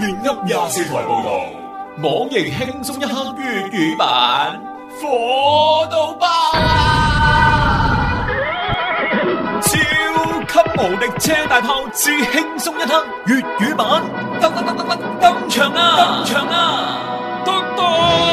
粵噏廿四台報道，網易輕鬆一刻粵語版，火到爆啊！ 超級無敵車大炮之輕鬆一刻粵語版，登登登登登登場啦！登場啦！登登。登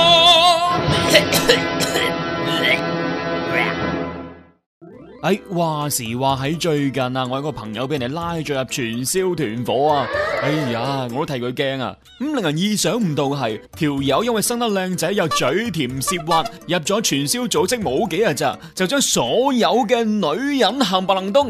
誒、哎，話時話，喺最近啊，我有一個朋友俾人拉咗入傳銷團伙啊，哎呀，我都替佢驚啊！咁、嗯、令人意想唔到係，條友因為生得靚仔又嘴甜舌滑，入咗傳銷組織冇幾日咋，就將所有嘅女人冚唪唥都，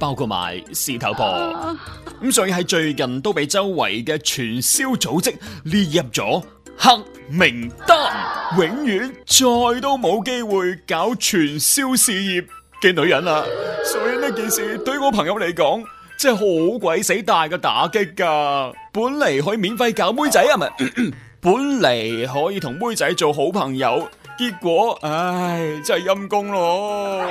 包括埋石頭婆，咁、嗯嗯嗯嗯、所以喺最近都俾周圍嘅傳銷組織列入咗黑名單，永遠再都冇機會搞傳銷事業嘅女人啦，所以呢件事對我朋友嚟講，真係好鬼死大嘅打擊噶。本嚟可以免費搞妹仔啊咪，嗯，本嚟可以同妹仔做好朋友，結果，唉，真係陰公咯。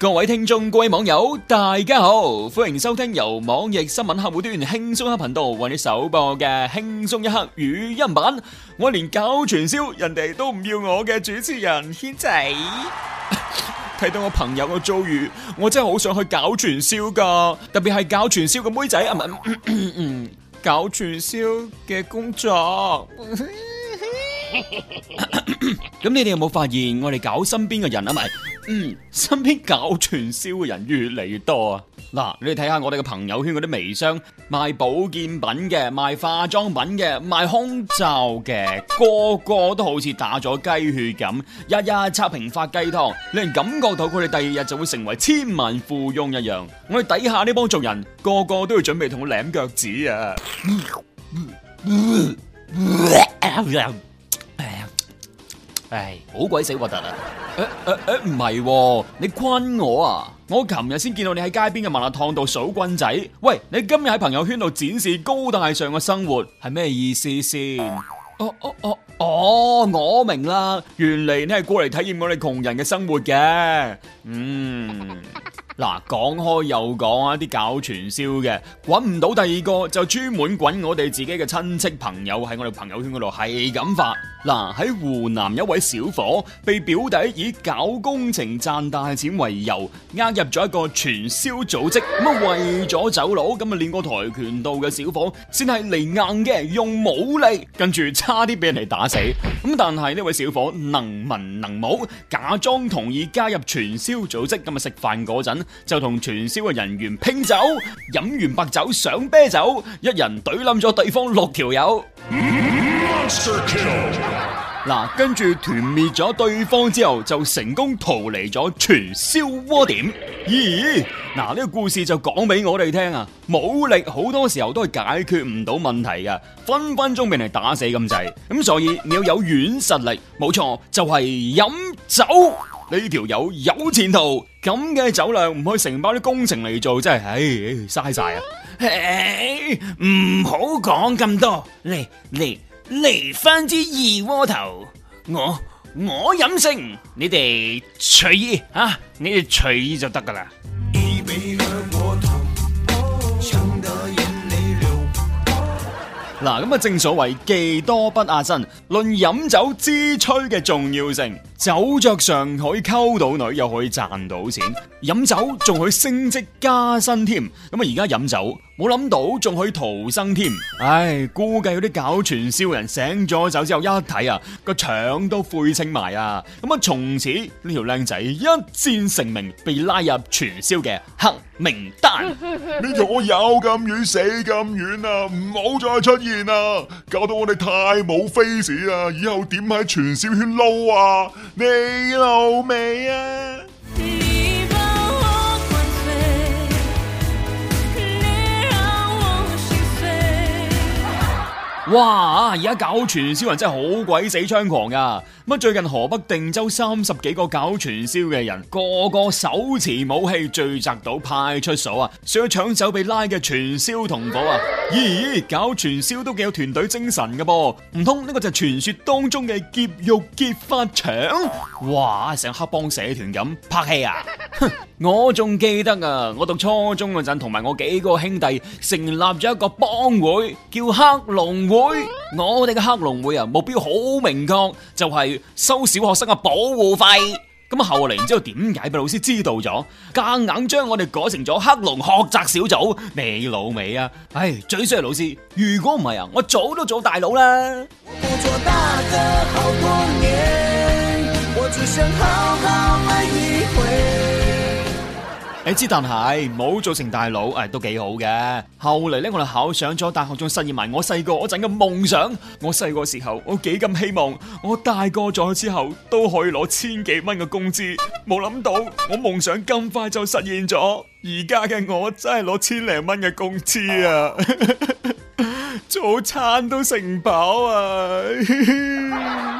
各位聽眾、各位網友，大家好，歡迎收聽由網易新聞客戶端輕鬆一刻頻道為你首播嘅輕鬆一刻語音版。我連搞傳銷人哋都唔要我嘅主持人軒仔，睇 到我朋友嘅遭遇，我真係好想去搞傳銷噶，特別係搞傳銷嘅妹仔係咪、啊嗯嗯嗯？搞傳銷嘅工作。 咁你哋有冇發現我哋搞身邊嘅人啊？咪、嗯、身邊搞傳銷嘅人越嚟越多啊！嗱，你哋睇下我哋嘅朋友圈嗰啲微商賣保健品嘅、賣化妝品嘅、賣胸罩嘅，個個都好似打咗雞血咁，日日刷屏發雞湯，令人感覺到佢哋第二日就會成為千萬富翁一樣。我哋底下呢幫族人個個都要準備同佢舐腳趾啊！ 唉，好鬼死核突啊！誒誒誒，唔係，你坤我啊！我琴日先見到你喺街邊嘅麻辣燙度數棍仔，喂，你今日喺朋友圈度展示高大上嘅生活，係咩意思先？嗯，哦，哦哦哦，哦，我明啦，原嚟你係過嚟體驗我哋窮人嘅生活嘅，嗯。嗱，講開又講啊，啲搞傳銷嘅揾唔到第二個，就專門揾我哋自己嘅親戚朋友喺我哋朋友圈嗰度係咁發。嗱、啊，喺湖南一位小伙被表弟以搞工程賺大錢為由，呃入咗一個傳銷組織。咁、嗯、啊為咗走佬，咁啊練過跆拳道嘅小伙先係嚟硬嘅，用武力跟住差啲俾人哋打死。咁、嗯、但係呢位小伙能文能武，假裝同意加入傳銷組織。咁啊食飯嗰陣。就同傳銷嘅人員拼酒，飲完白酒上啤酒，一人懟冧咗對方六條友。嗱、嗯，跟住團滅咗對方之後，就成功逃離咗傳銷窩點。咦？嗱，呢個故事就講俾我哋聽啊，武力好多時候都係解決唔到問題嘅，分分鐘俾人打死咁滯。咁所以你要有，有軟實力，冇錯，就係、是、飲酒。呢條友有前途，咁嘅酒量唔去承包啲工程嚟做，真係唉嘥晒啊！唔好講咁多，嚟嚟嚟翻支二鍋頭，我我飲勝，你哋隨意吓、啊，你哋隨意就得噶啦。嗱，咁 啊樂，正所謂技多不壓身，論飲酒之趣嘅重要性。酒桌上可以溝到女又可以賺到錢，飲酒仲可以升職加薪添，咁啊而家飲酒冇諗到仲可以逃生添，唉，估計有啲搞傳銷人醒咗酒之後一睇，啊個腸都悔青埋啊，咁啊從此呢條靚仔一戰成名，被拉入傳銷嘅黑名單。你同我有咁遠死咁遠啊，唔好再出現啊，搞到我哋太冇 face 啊，以後點喺傳銷圈撈啊！你老味啊！哇！而家搞傳銷人真係好鬼死猖狂噶乜？最近河北定州三十幾個搞傳銷嘅人，個個手持武器聚集到派出所啊，想搶走被拉嘅傳銷同伙啊！咦，搞傳銷都幾有團隊精神噶噃、啊？唔通呢個就係傳說當中嘅劫獄劫法場？哇！成黑幫社團咁拍戲啊！ 我仲記得啊，我讀初中嗰陣，同埋我幾個兄弟成立咗一個幫會，叫黑龍會。我哋嘅黑龍會啊，目標好明確，就係收小學生嘅保護費。咁啊，後嚟唔知道點解俾老師知道咗，夾硬將我哋改成咗黑龍學習小組。你老味啊！唉，最衰係老師，如果唔係啊，我早都做大佬啦。我只想好好你知，但係冇做成大佬，誒、哎、都幾好嘅。後嚟咧，我哋考上咗大學，仲實現埋我細個嗰陣嘅夢想。我細個時候，我幾咁希望我大個咗之後都可以攞千幾蚊嘅工資。冇諗到我夢想咁快就實現咗。而家嘅我真係攞千零蚊嘅工資啊， 早餐都食唔飽啊！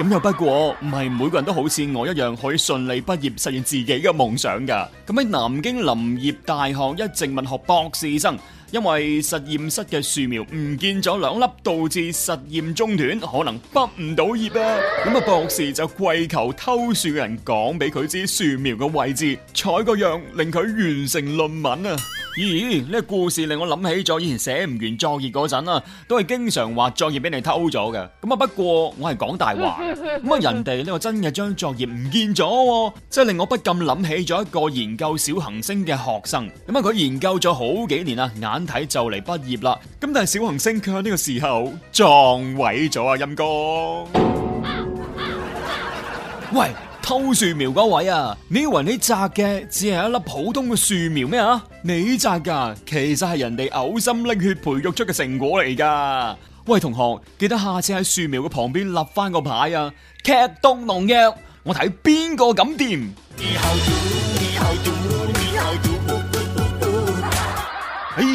咁又不過，唔係每個人都好似我一樣可以順利畢業實現自己嘅夢想噶。咁喺南京林業大學一植物學博士生，因為實驗室嘅樹苗唔見咗兩粒，導致實驗中斷，可能畢唔到業啊。咁啊，博士就跪求偷樹嘅人講俾佢知樹苗嘅位置，採個樣令佢完成論文啊。咦？呢、欸這個故事令我諗起咗以前寫唔完作業嗰陣啊，都係經常話作業俾你偷咗嘅。咁啊，不過我係講大話，咁啊，人哋呢個真嘅將作業唔見咗，真係令我不禁諗起咗一個研究小行星嘅學生。咁啊，佢研究咗好幾年啦，眼睇就嚟畢業啦。咁但係小行星卻喺呢個時候撞毀咗啊！陰功 喂。偷樹苗嗰位啊，你以為你摘嘅只係一粒普通嘅樹苗咩啊？你摘噶，其實係人哋嘔心瀝血培育出嘅成果嚟噶。喂，同學，記得下次喺樹苗嘅旁邊立翻個牌啊！劇毒農藥，我睇邊個咁掂。以後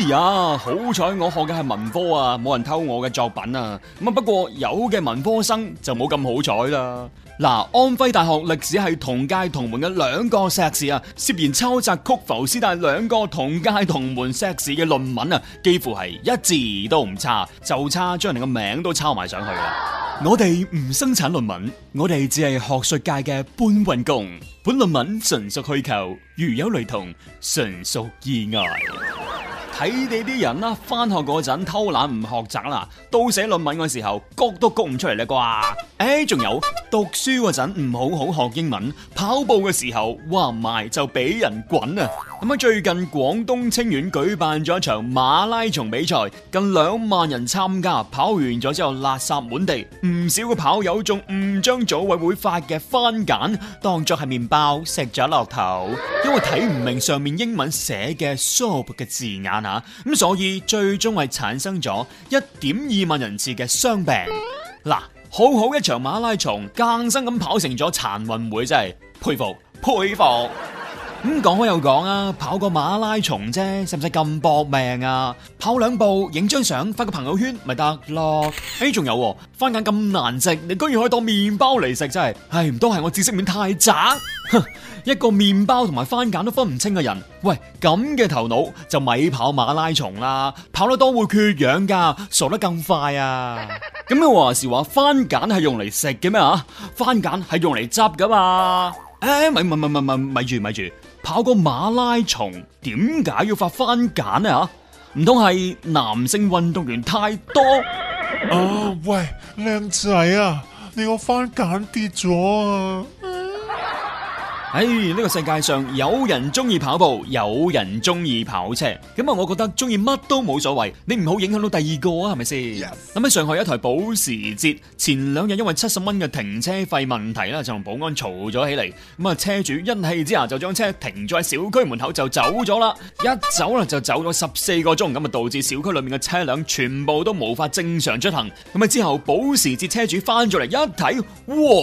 呀，yeah, 好彩我學嘅係文科啊，冇人偷我嘅作品啊。咁啊，不過有嘅文科生就冇咁好彩啦。嗱，安徽大學歷史系同屆同門嘅兩個碩士啊，涉嫌抄襲曲阜師大兩個同屆同門碩士嘅論文啊，幾乎係一字都唔差，就差將人個名都抄埋上去啦。我哋唔生產論文，我哋只係學術界嘅搬運工。本論文純屬虛構，如有雷同，純屬意外。睇你啲人啦，返學嗰陣偷懶唔學習啦，到寫論文嘅時候，谷都谷唔出嚟咧啩？誒、欸，仲有讀書嗰陣唔好好學英文，跑步嘅時候，話唔埋就俾人滾啊！咁喺最近廣東清遠舉辦咗一場馬拉松比賽，近兩萬人參加，跑完咗之後垃圾滿地，唔少嘅跑友仲誤將組委會發嘅番梘當作係麵包食咗落肚，因為睇唔明上面英文寫嘅 soap 嘅字眼。咁所以最終係產生咗一點二萬人次嘅傷病，嗱，好好一場馬拉松，更生咁跑成咗殘運會，真係佩服佩服。佩服。咁講開又講啊，跑個馬拉松啫，使唔使咁搏命啊？跑兩步，影張相，發個朋友圈，咪得咯？誒、哎，仲有番梘咁難食，你居然可以當麵包嚟食，真係，唉，都係我知識面太窄，一個麵包同埋番梘都分唔清嘅人，喂，咁嘅頭腦就咪跑馬拉松啦，跑得多會缺氧噶，傻得更快啊！咁你 話時話，番梘係用嚟食嘅咩啊？番梘係用嚟執噶嘛？誒、哎，咪咪咪咪咪，咪住咪住。跑個馬拉松，點解要發番梘呢？唔通係男性運動員太多？啊喂，靚仔啊，你個番梘跌咗啊！哎，呢個世界上，有人中意跑步，有人中意跑車，咁啊，我覺得中意乜都冇所謂，你唔好影響到第二個啊，係咪先？咁喺 Yes. 上海有一台保時捷，前兩日因為七十蚊嘅停車費問題啦，就同保安嘈咗起嚟。咁啊，車主一氣之下就將車停在小區門口就走咗啦。一走啦就走咗十四個鐘，咁啊導致小區裏面嘅車輛全部都無法正常出行。咁啊之後保時捷車主翻咗嚟一睇，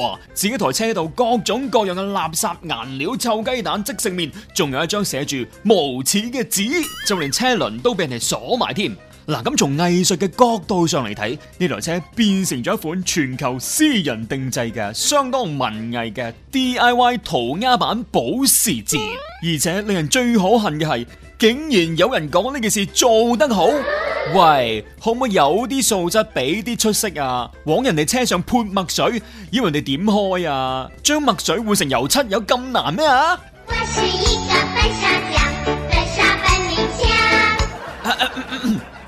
哇！自己台車度各種各樣嘅垃圾顏料、臭雞蛋、即食麵，仲有一張寫住無恥嘅紙，就連車輪都被人哋鎖埋添。嗱、啊，咁從藝術嘅角度上嚟睇，呢台車變成咗一款全球私人定制嘅相當文藝嘅 D I Y 塗鴉版保時捷，而且令人最可恨嘅係。竟然有人講呢件事做得好，喂，可唔可以有啲素質，俾啲出息啊！往人哋車上潑墨水，要人哋點開啊？將墨水換成油漆有咁難咩啊？我係一個粉刷匠，粉刷本領強。啊嗯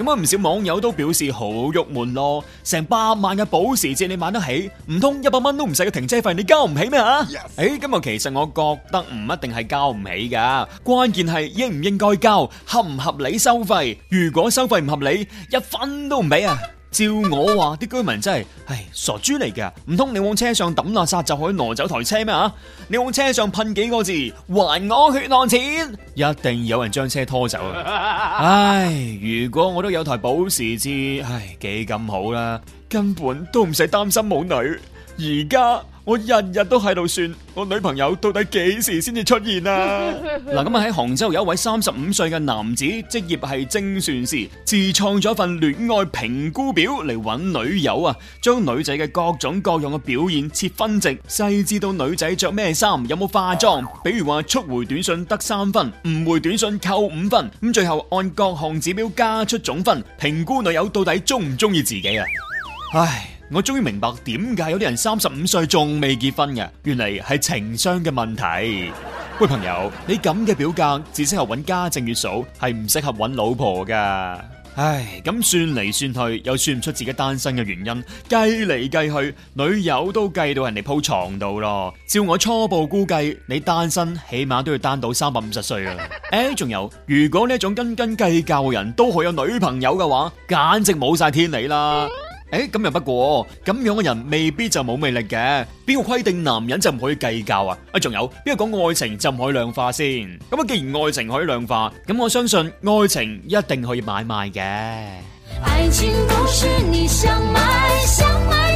咁唔少網友都表示好鬱悶咯，成百萬嘅保時捷你買得起？唔通一百蚊都唔使嘅停車費你交唔起咩啊？誒 Yes.、欸，今日其實我覺得唔一定係交唔起噶，關鍵係應唔應該交，合唔合理收費。如果收費唔合理，一分都唔俾啊！照我話，啲居民真係，唉，傻豬嚟㗎，唔通你往車上抌垃圾就可以挪走台車咩啊？你往車上噴幾個字，還我血汗錢，一定有人將車拖走啊！唉，如果我都有台保時捷，唉，幾咁好啦，根本都唔使擔心冇女。而家。我日日都喺度算，我女朋友到底幾時先至出現啊？嗱，咁啊喺杭州有一位三十五歲嘅男子，職業係精算師，自創咗份戀愛評估表嚟揾女友啊，將女仔嘅各種各樣嘅表現設分值，細致到女仔着咩衫，有冇化妝，比如話速回短信得三分，唔回短信扣五分，咁最後按各項指標加出總分，評估女友到底中唔中意自己啊？唉。我終於明白點解有啲人三十五歲仲未結婚嘅，原來係情商嘅問題。喂，朋友，你咁嘅表格只適合揾家政月嫂，係唔適合揾老婆噶。唉，咁算嚟算去又算唔出自己單身嘅原因，計嚟計去女友都計到人哋鋪床度咯。照我初步估計，你單身起碼都要單到三百五十歲啦。誒、 哎，仲有，如果呢一種斤斤計較嘅人都好有女朋友嘅話，簡直冇晒天理啦！誒，咁又、欸、不過，咁樣嘅人未必就冇魅力嘅。邊個規定男人就唔可以計較啊？啊，仲有邊個講愛情就唔可以量化先？咁、嗯、啊，既然愛情可以量化，咁我相信愛情一定可以買賣嘅。愛情不是你想買，想買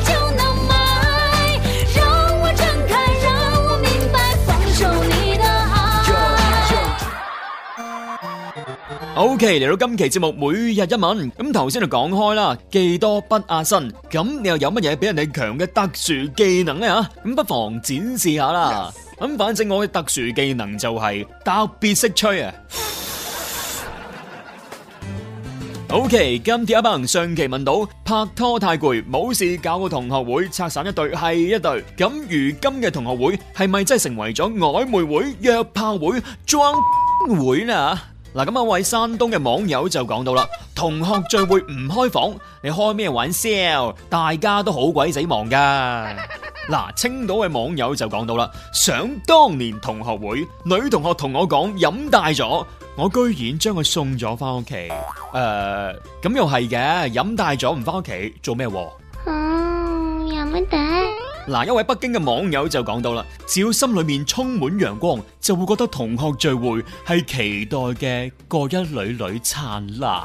O K，嚟到今期節目每日一問，咁頭先就講開啦，技多不壓身，咁你又有乜嘢俾人哋強嘅特殊技能咧啊？咁不妨展示下啦。咁反正我嘅特殊技能就係特別識吹啊。O K，今次阿鵬上期問到拍拖太攰，冇事搞個同學會拆散一對係一對，咁如今嘅同學會係咪真係成為咗曖昧會、約炮會、裝會啊？嗱，咁一位山東嘅網友就講到啦，同學聚會唔開房，你開咩玩笑？大家都好鬼死忙噶。嗱、啊，青島嘅網友就講到啦，想當年同學會，女同學同我講飲大咗，我居然將佢送咗翻屋企。誒、呃，咁又係嘅，飲大咗唔翻屋企做咩？嗯，飲乜嗱，一位北京嘅網友就講到啦，只要心裏面充滿陽光，就會覺得同學聚會係期待嘅嗰一縷縷燦爛。」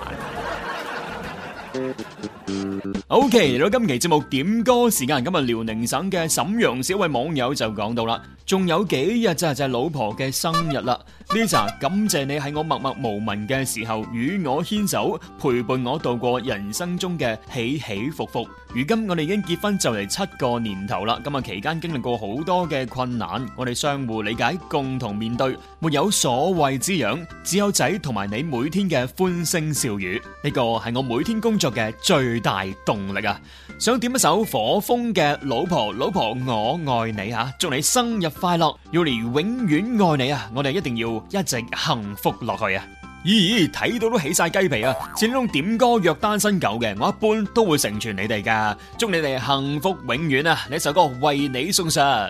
O.K. 嚟到今期節目點歌時間，今日遼寧省嘅瀋陽市一位網友就講到啦，仲有幾日就係就係老婆嘅生日啦。Lisa，感謝你喺我默默無聞嘅時候與我牽手，陪伴我度過人生中嘅起起伏伏。如今我哋已經結婚就嚟七個年頭啦，今日期間經歷過好多嘅困難，我哋相互理解，共同面對，沒有所謂之樣，只有仔同埋你每天嘅歡聲笑語。呢個係我每天工作嘅最。大動力啊！想點一首火風嘅《老婆老婆我愛你》啊！祝你生日快樂，要嚟，永遠愛你啊！我哋一定要一直幸福落去啊！咦，睇到都起晒雞皮啊！前 l o 點歌約單身狗嘅，我一般都會成全你哋噶，祝你哋幸福永遠啊！呢首歌為你送上。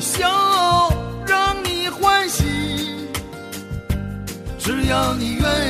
笑、哦，讓你歡喜，只要你願意。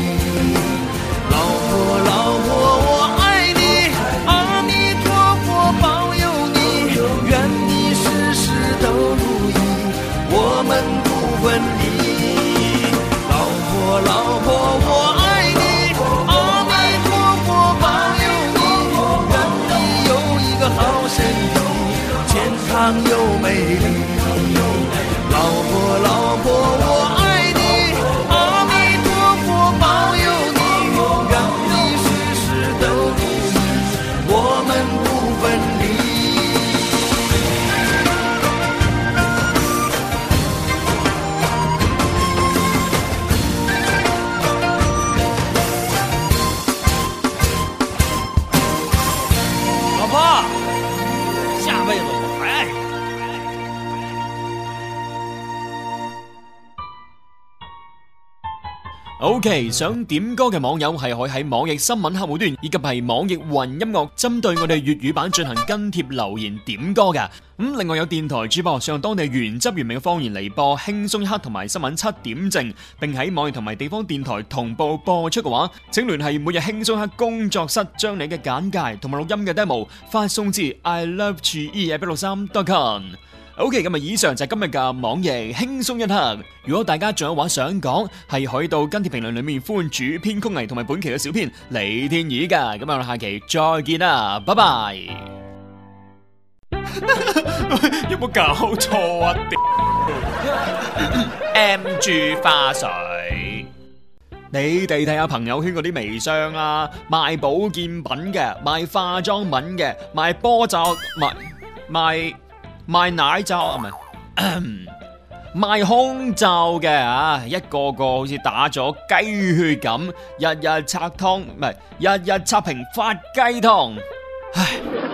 又美麗。O.K. 想點歌嘅網友係可以喺網易新聞客戶端以及係網易雲音樂針對我哋粵語版進行跟帖留言點歌嘅。咁、嗯、另外有電台主播上用當地原汁原味嘅方言嚟播輕鬆一刻同埋新聞七點正，並喺網易同埋地方電台同步播出嘅話，請聯繫每日輕鬆一刻工作室將你嘅簡介同埋錄音嘅 demo 發送至 i love tvb 163.com OK，咁以上就係今日嘅網易輕鬆一刻。如果大家仲有話想講，係可以到跟帖評論裏面，歡迎主編曲藝同埋本期嘅小編李天宇噶。咁啊，我哋下期再見啦，拜拜。有冇搞錯啊？點？M G 花絮，你哋睇下朋友圈嗰啲微商啊，賣保健品嘅，賣化妝品嘅，賣玻尿，賣賣。賣奶罩啊，唔係賣胸罩嘅啊，一個個好似打咗雞血咁，日日拆湯唔係，日日刷屏發雞湯，唉。